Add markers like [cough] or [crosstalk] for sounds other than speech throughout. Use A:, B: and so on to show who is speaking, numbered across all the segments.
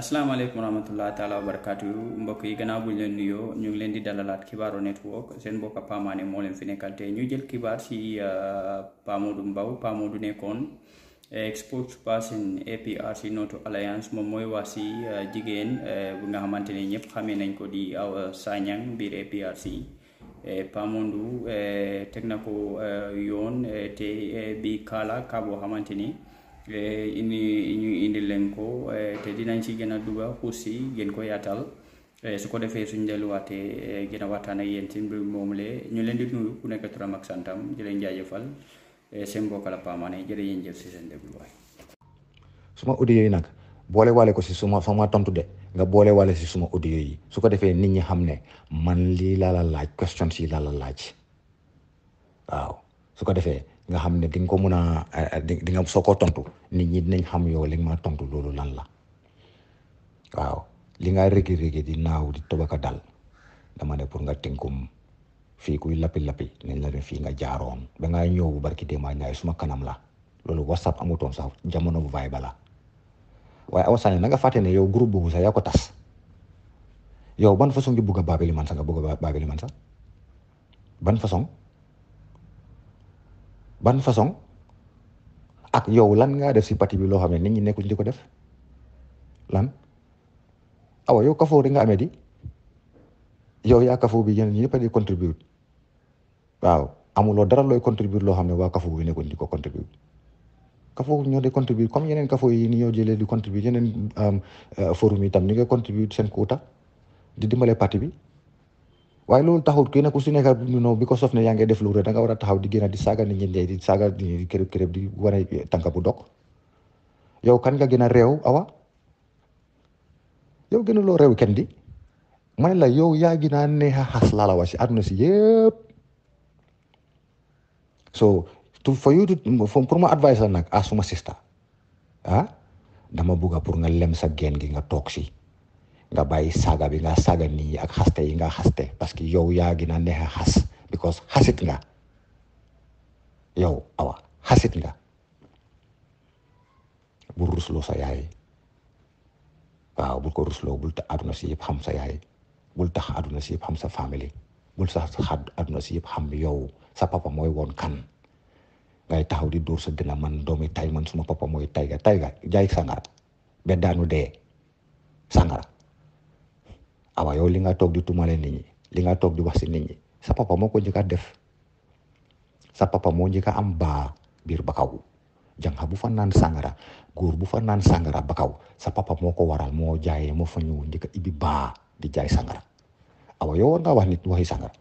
A: asalaamaaleykum wa rahmatulah taalaa wa barakaatu mbokk yi gannaaw buñ leen nuyoo ñu ngi leen di dalalaat Kibaru Network seen mbokk Pamané moo leen fi nekkal ñu jël xibaar si euh, Pa mbaw Mbowe Pa Modou nekkoon spokesperson APRC Noto Alliance moom mooy wax si euh, jigéen euh, bu nga xamante ne ñëpp xamee nañ ko di Awa Sanyang biir APRC Pa Modou na ko yoon te bi kaala ka boo xamante ni. indi ñu indi leen ko te dinañ ci gën a dugga xuus si gën ko yaatal eh, su ko defee suñ delluwaatee eh, gën a waxtaan ak yéen ci moom le ñu leen di nuyu ku nekk turam ak santam di leen jaajëfal eh, seen mbokk la Pamane jërë ngeen jëf si seen dégluwaay.
B: suma audio yi nag boole waale ko si suma sama tontu de nga boole waale si suma audio yi su ko defee nit ñi xam ne man lii laa laaj questions si laa laaj waaw su ko defee. nga xam ne di ko mun a eh, di nga soo ko tontu nit ñi dinañ xam yow li ma tontu loolu lan la waaw li nga rëgi rëgi di naaw di tobaka dal dama ne pour nga tënkum fii kuy lappi lappi nañ la ne fii nga jaaroon ba ngaa ñëw bu barki démbaay ñaay suma kanam la loolu whatsapp amutoon sax jamono bu vaay bala waaye aw sa na nga fàtte ne yow groupe boobu sax yaa ko tas yow ban façon nga bugg a man sax nga bugg a baabili man sax ban façon. ban façon ak yow lan ngaa def si parti bi loo xam ne nit ñi nekkul di ko def lan awa yow kafoo di nga amee di yow yaa kafoo bi yéen ñëpp a di contribuer waaw amuloo dara looy contribuer loo xam ne waa kafoo bi nekkul di ko contribuer kafoo ñoo di contribuer comme yeneen kafoo yi ni ñoo jëlee di contribuer yeneen euh, euh, forum yi tam ñu nga koy contribuer seen quota di dimbale parti bi. waaye loolu taxul kenn ku si nekk bi know because of ne yaa ngi def lu rëy da nga war a taxaw di génn di saaga nit ñi di saaga nit ñi kërëb kërëb di wane tànk bu dog yow kan nga gën a réew awa yow gën a loo réew kenn la yow yaa gën a neex a xas laa si àdduna si yëpp so to for you to pour ma advice la nag asuma sista ah dama bugga pour nga lem sa geen gi nga toog si nga bàyyi saaga bi nga saaga nit ñi ak xaste yi nga xaste parce que yow yaa gën a ne a xas because xasit nga yow awa xasit nga bul rusloo sa yaay waaw bul ko rusloo bul tax àdduna si yëpp xam sa yaay bul tax àdduna si sa famille bul sax àdduna si yëpp xam yow sa papa mooy woon kan ngay taxaw di dóor sa dina man doomi tay man suma papa mooy tayga tayga jaay sangara be daanu dee sangara awa yow li nga toog di tumale nit ñi li nga toog di wax si nit ñi sa papa moo ko njëkk a def sa papa moo njëkk a am baa biir bakaw janxa bu fa naan sàngara góor bu fa naan sàngara bakaw sa papa moo ko waral moo jaayee moo fa ñëw njëkk a ibi baa di jaay sàngara awa yow war nga wax nit waxi sàngara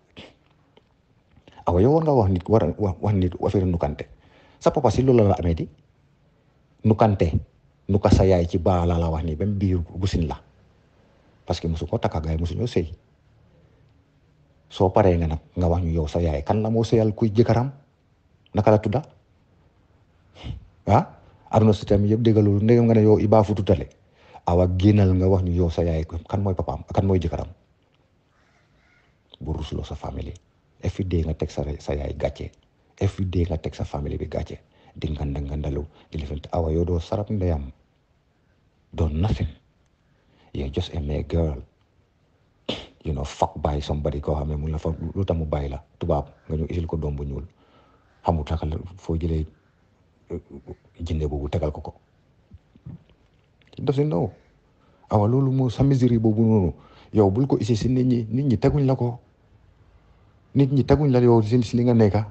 B: awa yow war nga wax nit war wax nit affaire nukante sa papa si loolu la amee di nukante nuka sa yaay ci baa la la wax ni ba biir gusin la parce que musu koo takk gaay musu ñoo sëy soo paree nga nag nga wax ñu yow sa yaay kan la moo sëyal kuy jëkkëram naka la tudda ah aduna si tamit yëpp déggalul ndegam nga ne yow i baa futu yow sa yaay kan mooy papaam kan mooy jëkkëram bu rusloo sa famille every day nga teg sa sa yaay gàcce every day nga teg sa famille bi gàcce di nganda ngandalu di lefent awa yow doo sarap ndeyam doon nothing you just a mere girl you know fuck by somebody koo xam ne mun la fa lu tax mu bàyyi la tubaab nga ñu isil ko doom bu ñuul xamul tax foo jëlee uh, jinne boobu tegal ko ko doesn't know awa loolu moo sa misère boobu noonu yow bul ko isil si nit ñi nit ñi teguñ la ko nit ñi teguñ la si li nga nekka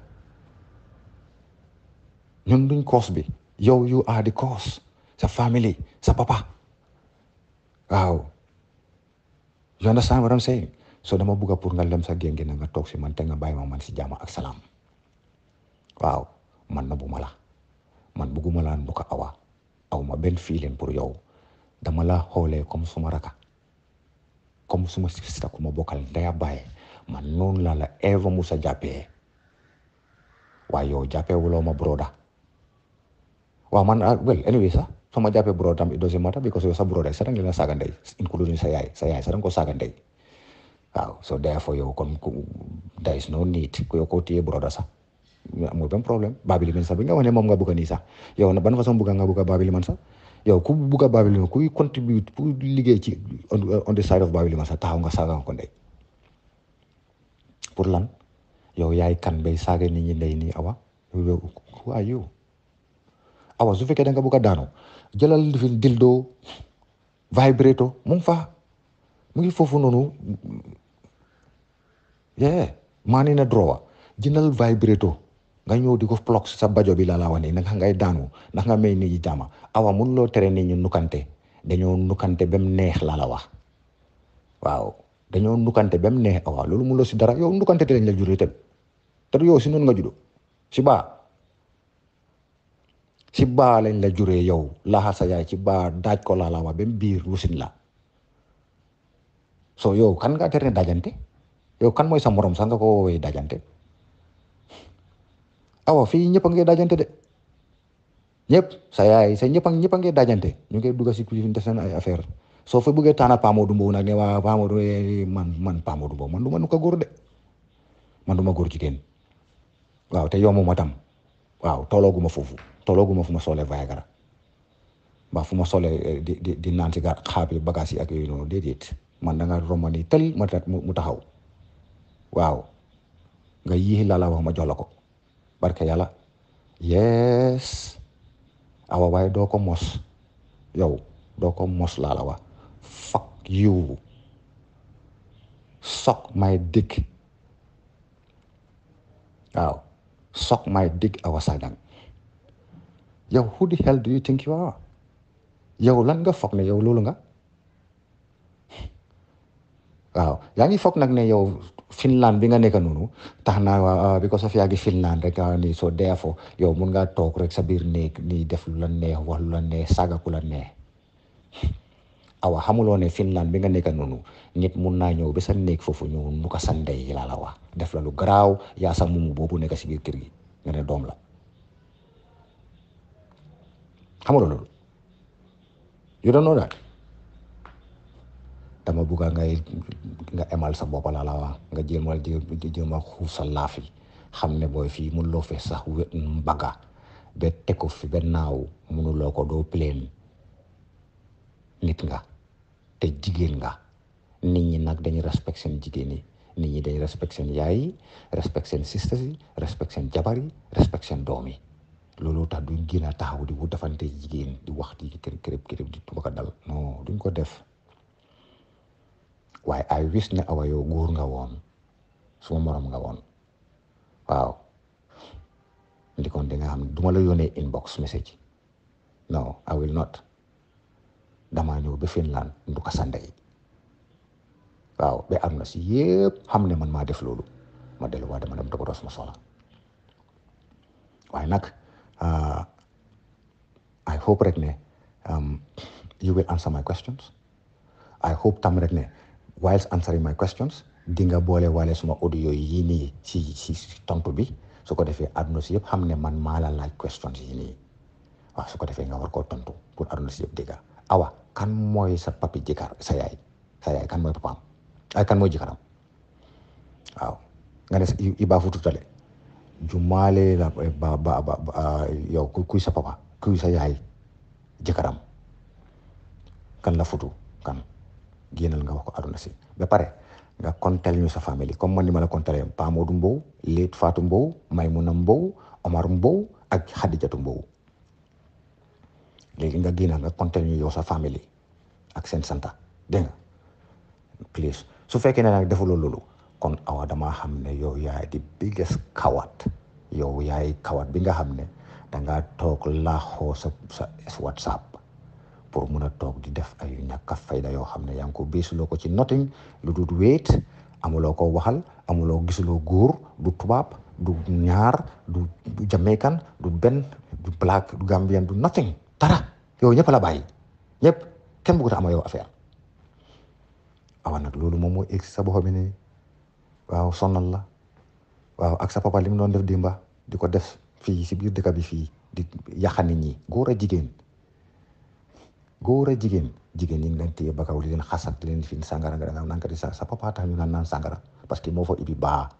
B: ñun duñ cause bi yow you are the cause sa family sa papa waaw you understand what I'm saying so dama bugga pour nga lem sa génge na nga toog si man te nga bàyyi ma man si jàmm ak salaam waaw man na bu ma la man bugguma laa nduka awa aw ma benn feeling pour yow dama la xoolee comme suma raka comme suma sista ku ma bokkal ndaya bàyyi man noonu la la Eva Musa jàppee waaye yow jàppee wuloo ma broda waaw man ah, well anyway sax soo ma jàppee broda tam it doesn't matter because yow sa broda sa danga leen a saaga ndey sa yaay sa yaay sa danga ko ndey waaw so therefore yow kon there is no need yow koo téye broda sax amul benn problème Babili man sax bi nga ne moom nga bëgg nii sax yow na ban façon bëgg nga bëgg Babili man sax yow ku bëgg Babili man kuy contribute pour liggéey ci on the side of Babili man sax taxaw nga saaga nga ko ndey pour lan yow yaay kan bay saaga nit ñi ndey nii awa who are awa su fekkee da nga bëgg a jëlal fi dildo vibrato mu ngi fa mu ngi foofu noonu yee maa na ne drowa jëndal vibrato nga ñëw di ko plok sa bajo bi la laa wax nii ngay daanu ndax nga may nit ñi jàmm awa mun loo tere nii ñu nukkante dañoo nukkante ba neex la la wax waaw dañoo nukkante ba mu neex awa loolu mun loo si dara yow nukkante te lañ la juree tam te yow si noonu nga judo si baa ci baa lañ la juree yow laxal sa yaay ci baa daaj ko laa la wax ba biir lusin la so yow kan nga tere dajante yow kan mooy sa morom sax nga ko woowee dajante awa fii ñëpp a ngi dajante de ñëpp sa sa ñëpp a ñëpp a ngi ñu ngi dugg si kuy def seen ay affaire soo fa bëggee taana Pamodou Mbow nag ne waa Pamodou eh, eh, man man Pamodou Mbow man nu ko góor de man du ma góor jigéen waaw te yomb ma tam waaw tollooguma foofu. tolloguma fu ma soolee Viagra mbaa fu ma soolee eh, di di di naan si ga xaabi bagage yi ak yooyu noonu déedéet man nga romb tël ma mu taxaw waaw nga yii laa la wax ma jox la ko barke yàlla yes awa waaye doo ko mos yow doo ko mos laa la wax fuck you suck my dick waaw suck my dick awa Sagnang yow who lan nga foog ne yow loolu nga waaw yaa ngi foog nag ne yow Finland bi nga nekk noonu tax na ah, because of yaa ngi Finland rek ah, nii so therefore yow mun ngaa toog rek sa biir néeg nii def lu la neex wax lu la neex saaga awa xamuloo ne Finland bi nga nekk noonu nit mun naa ñëw ba sa néeg foofu ñëw nu ko def la lu garaaw yaa sa mumu boobu nekk si biir kër gi nga ne doom la xam nga loolu you don't dama bugg ngay nga emal sa bopp laa la wax nga jéem a jéem a xuuf sa laaf xam ne booy fii mënuloo fee sax wet mbaga ba teg ko fi ba naaw mënuloo ko doo plain nit nga te jigéen nga nit ñi nag dañuy respection jigéen yi nit ñi dañuy respection seen yaay yi respect seen sisters yi seen doom yi looloo ta duñ génn a taxaw di wu defante jigéen di wax di kër kërëb kërëb di tuba ko dal non duñ ko def waaye ay wis na awa yow góor nga woon suma morom nga woon waaw ndi kon di nga xam duma la yónnee inbox message non I will not damaa ñëw ba Finland ndu ko sande yi waaw ba am na si yëpp xam ne man maa def loolu ma delluwaat dama dem toppatoo sama soxla waaye nag Uh, I hope rek ne um, you will answer my questions I hope tam rek ne whilst answering my questions di nga boole waale suma audio yii nii si si tontu bi su ko defee àdduna si yëpp xam ne man maala laaj questions yii nii su ko defee nga war koo tontu pour àdduna si yëpp dégg awa kan mooy sa papi jëkkër sa yaay sa yaay kan mooy papaam ay kan mooy jëkkëram waaw nga ne Iba Fouta Touré Jumaale la ba ba ba ah, yow kuy sa papa kuy sa yaay jëkkëram kan la futu kan génnal nga wax ko aduna si ba pare nga kontel ñu sa famille comme man ni ma la kontelee Pa Modou Mbow Leet Fatou Mbow Omar Mbow ak Xadijatu Mbow léegi nga génnal nga kontel ñu yow ak seen santa dégg please su fekkee ne nag defuloo loolu kon awa damaa xam ne yow yaay di biggest kawat yow yaay kawat bi nga xam ne danga toog laaxoo sa sa whatsapp pour mun a toog di def ay ñàkk a fayda yoo xam ne yaa ngi ko biisuloo ko ci nothing lu dul wéet amuloo ko waxal amuloo gisuloo góor du tubaab du ñaar du du jamaican du benn du black du gambian du nothing dara yow ñëpp la bàyyi ñëpp kenn bëggut a ama yow affaire awa nag loolu moom moo egg sa bopp bi waaw sonal la waaw ak sa papa li mu doon def dimba di ko def fii si biir dëkk bi fii di yàqa nit ñi góor a jigéen góor a jigéen jigéen ñi ngi leen téye bakaw li leen xasat leen fi sàngara nga danga naan ko sa sa papa tax ñu naan naan sàngara parce que moo fa ibi baa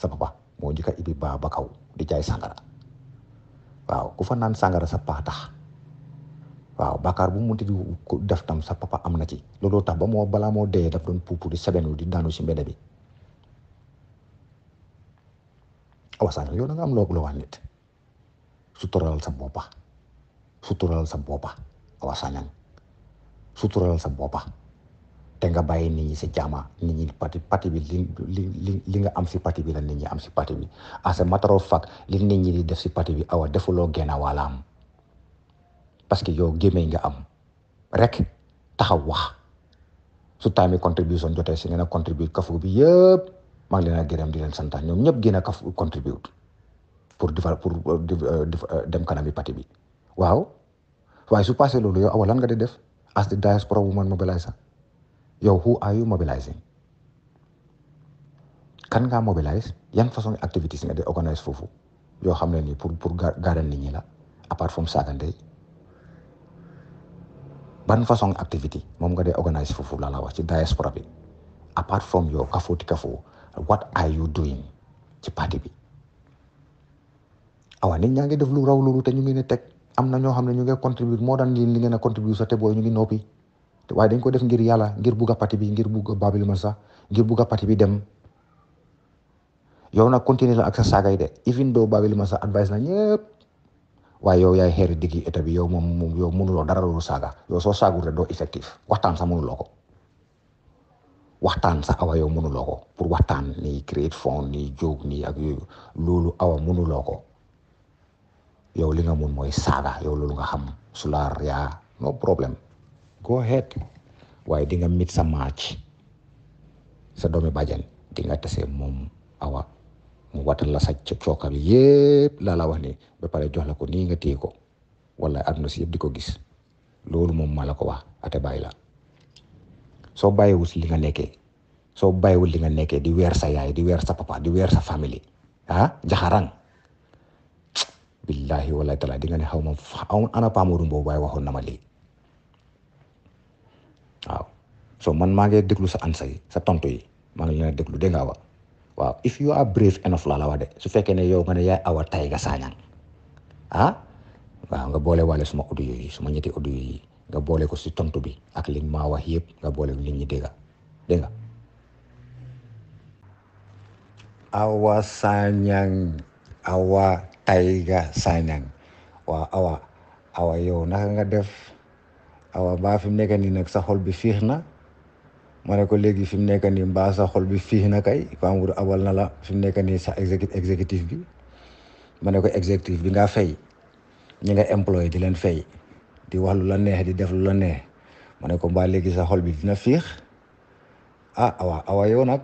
B: sa papa moo njëkk a ibi baa bakaw di jaay sàngara waaw ku fa naan sàngara sa papa tax waaw bàkkaar bu mu munti def tam sa papa am na ci looloo tax ba moo bala moo dee daf doon puupu di sebenu di daanu si mbedd bi awasaan yoo da nga am loo la waa nit suturalal sa boppa suturalal sa boppa awasaanan suturalal sa boppa te nga bàyyi nit ñi si jaama nit ñi parti parti li nga am si pati bi la nit ñi am si parti bi as a matter of fact li nit ñi di def si pati bi awa defuloo genn wàll am parce que yow gémmiñ nga am rek taxaw wax su time contribution jotee si nga ne contribute kafu bi yëpp maa ngi leen a gërëm di leen santa ñoom ñëpp gën a kaf contribute pour defar pour euh, euh, euh, dem kanami parti bi waaw waaye su passé loolu yow awa lan nga di def as the diaspora woman mobilizer yow who are you mobilizing kan ngaa mobilize yan façon activités nga di organise foofu yoo xam ne nii pour pour gaaral nit ñi la apart from saaga ndey ban façon activité moom nga di organise foofu laa la wax ci diaspora bi apart from yow kafoo ti kafoo what are you doing ci parti bi awa nit ñaa ngi def lu raw loolu te ñu ngi ne teg am na ñoo xam ne ñu ngi contribute moo daan li ngeen a contribute sa te ñu ngi noppi waaye dañ ko def ngir yàlla ngir bugg a bi ngir bugg Babili Mansa ngir bugg a parti bi dem yow nag continuer la ak sa saagay de even though Babili Mansa advice na ñëpp waaye yow yaay xeeri diggi état bi yow moom moom yow mënuloo dara loolu saaga yow soo saagul rek doo effectif waxtaan sa mënuloo ko waxtaan sax awa yow mënuloo ko pour waxtaan ni créer fond ni jóg nii ak yooyu loolu awa mënuloo ko yow li nga mun mooy saaga yow loolu nga xam sulaar yaa no problème go ahead waaye di nga mit sa match sa doomi bàjjen di nga tase moom awa mu watal la sa cooka bi yëpp laa la wax ni ba pare jox la ko nii nga téye ko wala àdduna si yëpp di ko gis loolu moom ma la ko wax ate bàyyi la soo bàyyiwul li nga nekkee soo bàyyiwul li nga nekkee di weer sa yaay di weer sa papa di weer sa famille ah jaxarang billahi wallahi taala di nga ne xaw ma ana paamurum boobu waaye waxoon na ma lii waaw soo man maa ngi déglu sa ansa yi sa tontu yi maa ngi leen a déglu nga awa waaw if you are brave enough laa la wax de su fekkee ne yow nga ne yaay awa tay ah, nga saañaan ah nga boole waale suma audio yi suma ñetti audio yi nga boole ko si tontu bi ak liñ maa wax yëpp nga boole ko nit ñi dégg dégg nga awa sañang awa tayga sañang waaw awa awa yow naka nga def awa mbaa fi mu nekk nii nag sa xol bi fiix na ma ne ko léegi fi mu nekk nii mbaa sa xol bi fiix na kay Pamour abal na la fi mu nekk nii sa exécutif bi ma ne ko exécutif bi nga fay ñi nga employé di leen fay di wax lu la neex di def la neex ma ne ko mbaa léegi sa xol bi dina fiix ah awa awa yow nag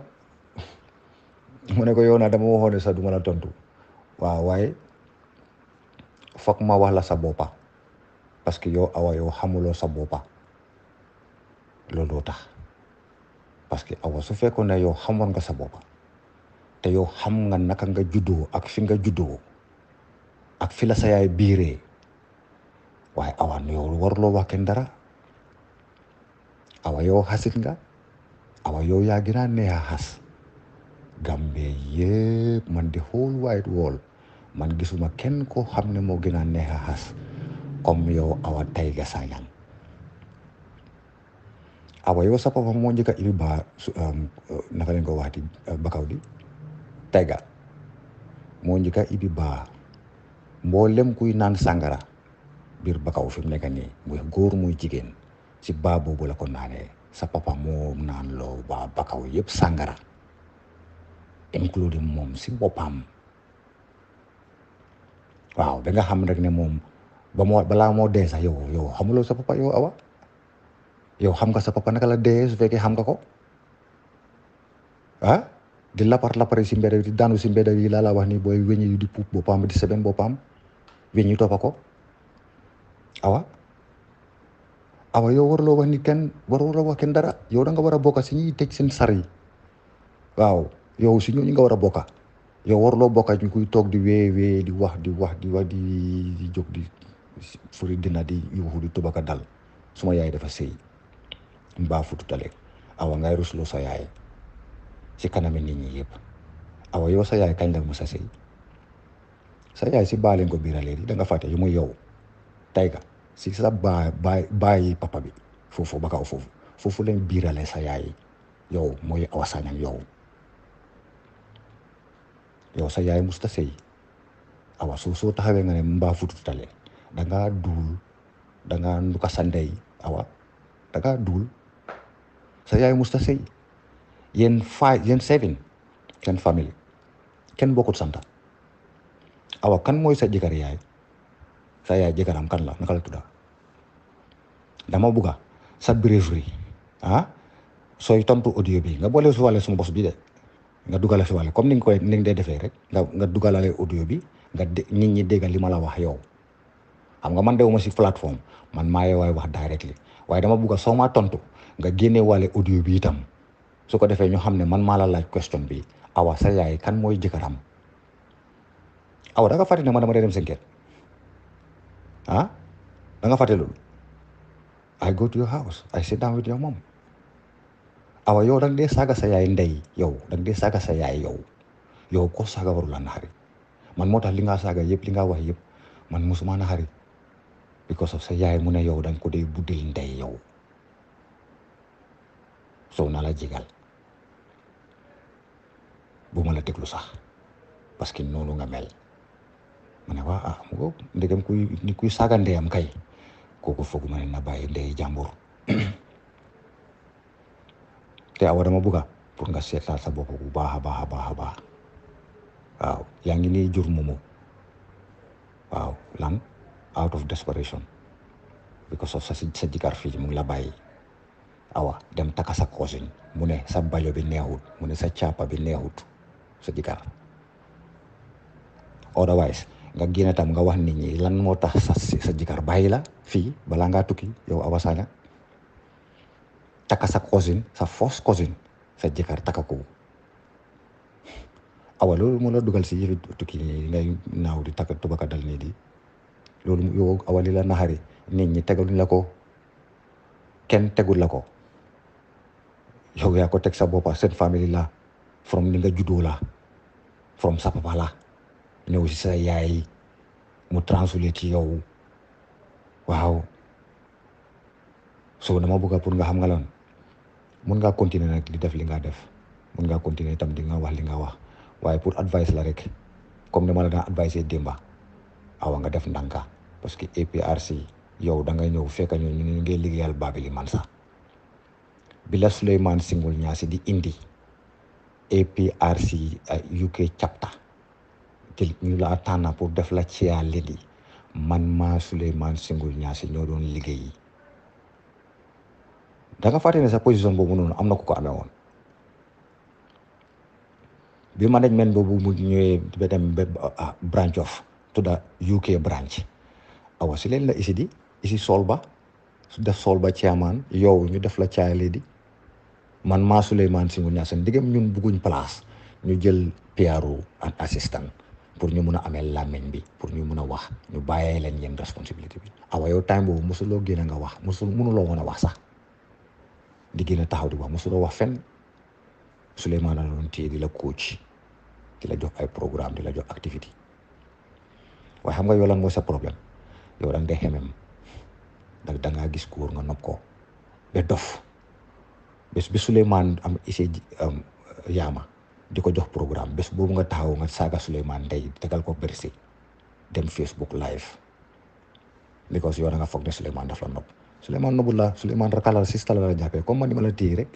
B: [laughs] mu ne ko yow nag dama waxoon ne la tontu waaw waaye foog ma wax la sa boppa parce que yow awa yow xamuloo sa boppa looloo tax parce que awa su fekkoon ne yow xamoon nga sa boppa te yow xam nga naka nga juddoo ak fi nga juddoo ak fi la sa yaay biiree waaye awa yow waruloo wax kenn dara awa yow xasit nga awa yow yaa gën a neex a xas Gambie man the whole wide world man gisuma kenn ko xam ne moo gën a neex a xas comme yow awa Taiga Sanyang awa yow sa moo njëkk ibi ba um, uh, naka leen ko waxati uh, bakaw di Taiga moo njëkk ibi ba mboolem kuy naan sàngara biir bakaw fi mu nekk nii muy góor muy jigéen ci baa boobu la ko naanee sa papa moo naan loo baa bakaw yëpp sàngara including moom si boppam waaw ba nga xam rek ne moom ba moo balaa moo dee sax yow yow xamuloo sa papa yow awa yow xam nga sa papa naka la dee su fekkee xam nga ko ah di lapar lapari si mbedd di daanu si mbedd yi laa la wax ni booy weñ yi di puub boppam di seben boppam weñ yi toppa ko awa awa yow warloo wax ni kenn waruloo wax kenn dara yow da nga war bokk si ñuy tëj seen sar yi waaw yow si ñooñu nga war a bokk yow waruloo bokk ñu kuy toog di wee wee di wax di wax di wax di di jóg di furi dina di yuuxu di tubaka dal suma yaay dafa sëy mbaa fututale awa ngay rusloo sa yaay si kanami nit ñi yëpp awa yow sa yaay kañ la mu sa si sa yaay si baaleen ko biiralee di da nga fàtte yu muy yow tayga sigi sa ba ba ba ye papa bi fofobakaw foofu fofulen birale sa ye yow mooy awa yow yow sa yaay musta sey awa so so taxawee nga ne mbaa fututale dangaa duul dangaa nduka sandey awa dangaa duul sa yaay musta sey yéen five yéen seven seen famille kenn bokkut santa awa kan mooy sa jëkkër yaay sa yaay jëkkëram kan la naka la tudda dama bugga sa bravery ah sooy tontu oh, audio bi nga boole si wale suma bos bi de nga dugala si wàlle comme ni nga koy ni nga defee rek nga nga dugalale audio bi nga nit ñi déggal li ma la wax yow xam nga man dewuma si plateforme man maa yow waay wax directly waaye dama bugga soo ma tontu nga génne wàlle audio bi itam su ko defee ñoo xam ne man maa la laaj question bi awa sa yaay kan mooy jëkkëram awa da nga fàttali ne ma dama dee dem seen ah da nga fàtte loolu I go to your house I sit down with your mom awa yow da nga dee saaga sa yaay ndey yow da nga dee saaga sa yaay yow yow ko saaga waru la naxari man moo tax li nga saaga yëpp li nga wax yëpp man musuma naxari because of sa yaay mu ne yow da nga ko dee buddil ndey yow soo na la jigal bu ma la déglu sax parce que noonu nga mel ma ne waaw ah mu ko ndegam kuy ni kuy kay kooku foog ma ne na bàyyi ndey jàmbur [clears throat] te awa dama bëgga pour nga seetaat sa bopp bu baax a baax a baax a baax waaw yaa ngi nii jur moomu waaw lan out of desperation because of sa sa jikar fii mu ngi la bàyyi awa dem taka sa cousin mu ne sa balo bi neexut mu ne sa caapa bi neexut sa jikar otherwise nga génn tam nga wax nit ñi lan moo tax sa sa jëkkër bàyyi la fii balaa ngaa tukki yow Awa Sané takka sa cousine sa fausse cousine sa jëkkër takka ko awa loolu moo la dugal si yëfi tukki naaw di takk tubaka di loolu yow awa li nit ñi tegaluñ la ko kenn tegul la ko yow yaa ko teg sa boppa seen famille la from ni nga juddoo la from sa papa la ñëw si sa yaay mu transféré ci yow waaw so dama bëgg pour nga xam nga lan mun ngaa continuer nag di def li nga def mun ngaa continuer tam di nga wax li nga wax waaye pour advice la rek comme ne ma la daan advice démba awa nga def ndànka parce que APRC yow da nga ñëw fekk ñu ñu ngi liggéeyal Babili Mansa bi la Souleymane Singul Niasse di indi APRC UK chapter te ñu laa tànn pour def la ciyaa ledi man maa Souleymane Sengul Niasse ñoo doon liggéey da nga fàtte ne sa position boobu noonu am na ko ko amee woon bi management boobu mu ñëwee ba dem ba ah, branch of tudda UK branch ah, awa si leen la isi di isi sol ba def sol ba chairman yow ñu def la caay ledi man maa Souleymane Sengul Niasse ndiggam ñun bugguñ place ñu jël PRO ak assistant pour ñu mun a amee làmmiñ bi pour ñu mun a wax ñu bàyyee leen yéen responsabilité bi awa ah yow time boobu mosuloo gën nga wax mosul mënuloo woon a wax sax di gën a taxaw di wax mosuloo wax fenn Souleymane la doon téye di la coach di la jox ay programme di la jox activité waaye xam nga yow lan mooy sa problème yow da nga xemem da da ngaa gis góor nga nopp ko ba dof bés bi Souleymane am isee yaama di ko jox programme bés boobu nga taxaw nga saaga Souleymane Ndeye tegal ko bërsi dem Facebook live because yow da nga foog ne Souleymane daf la nopp Souleymane nobul la Souleymane rakala sista la la jàppee comme man ni ma la téye rek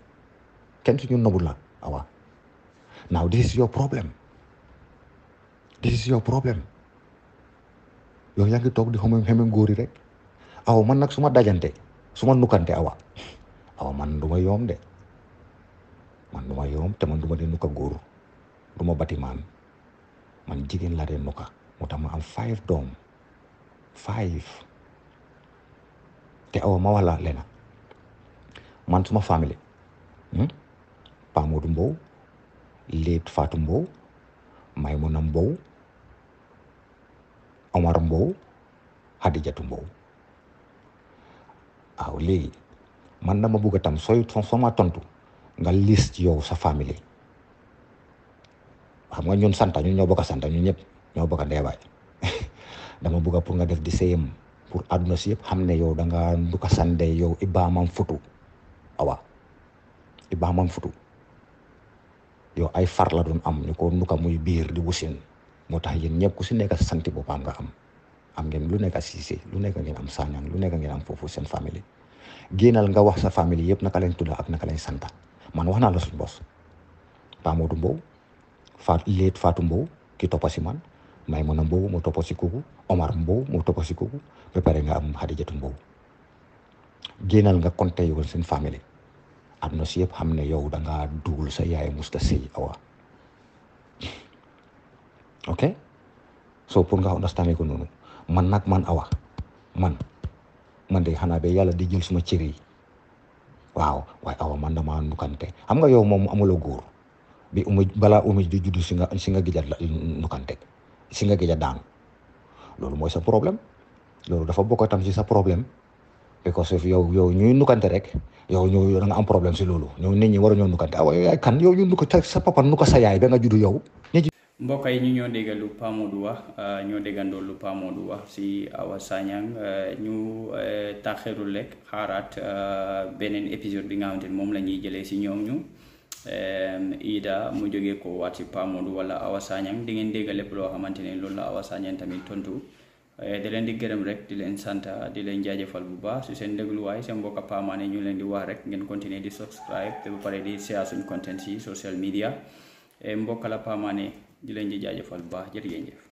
B: kenn suñu nobul la awa now this is your problem this is your problem yow yaa ngi toog di xamam xamam góor yi rek aw man nag su ma dajante su ma nukkante awa awa man du ma yoom de man du ma yoom te man du ma di nukka góor duma ma batimaan man jigéen laa dee nuka moo tax am five doom five te awa ma wax la lena man suma famille hmm? Pa Modou Mbow late Fatou Mbow Maymuna Mbow Omar Mbow Hadijatu Mbow waaw léegi man na ma bëgg tam sooy soo ma tontu nga liste yow sa famille xam nga ñun santa ñun ñoo bokk a santa ñun ñëpp ñoo bokk [laughs] a ndeebaay dama bugga pour nga def di sëyam pour àdduna si yëpp xam ne yow danga nga du ko sande yow Ibaman Futu awa Ibaman Futu yow ay far la doon am ni ko nu ka muy biir di wusin moo tax yéen ñëpp ku si nekk santi boppam nga am am ngeen lu nekk Ceesay lu nekk ngeen am Sanyang lu nekk ngeen am foofu seen famille génnal nga wax sa famille yëpp naka leen tudda ak naka lañ santa man wax naa la suñ bos Fat leet Fatou Mbow ki toppa si man Maymuna Mbow moo toppa si kooku Omar Mbow moo toppa si kooku ba pare nga am Xadijatu Mbow génnal nga compté yow seen famille am na si yëpp xam ne yow da ngaa dugul sa yaay musta sëy awa [laughs] ok so pour nga understand ko noonu man nag man awa man man de xanaa ba yàlla di jël suma cër yi waaw waaye awa man damaa nukante xam nga yow moom amuloo góor bi umuj balaa umuj di juddu si nga si nga gija nu si nga gija daanu loolu mooy sa problème loolu dafa bokk tam si sa problème because of yow yow ñuy nukkante rek yow ñu da nga am problème si loolu ñow nit ñi war ñoo nukkante awa ah, yow yaay kan ñu nukk sa papa nu ko sa yaay ba nga juddu yow
A: mbokk yi ñu ñoo déggal lu Pa Modou wax ah, ñoo déggandoo lu Pa Modou wa si Awa Sanyang ah, ñu eh, taxeeru lekk xaaraat beneen épisode bi nga xamante ni moom la ñuy si ñoom ñu Ida mu jógee ko waati Pa Modou wala Awa Sagnang di ngeen dégg lépp loo xamante ne loolu la Awa Sagnang tamit tontu eh, di leen di gërëm rek di leen sant di leen jaajëfal bu baax su seen dégluwaay seen mbokk Pa Mané ñu leen di wax rek ngeen continuer di subscribe te ba pare di share suñ content yi social media eh, mbokk la Pa Mané di leen di jaajëfal bu baax jërë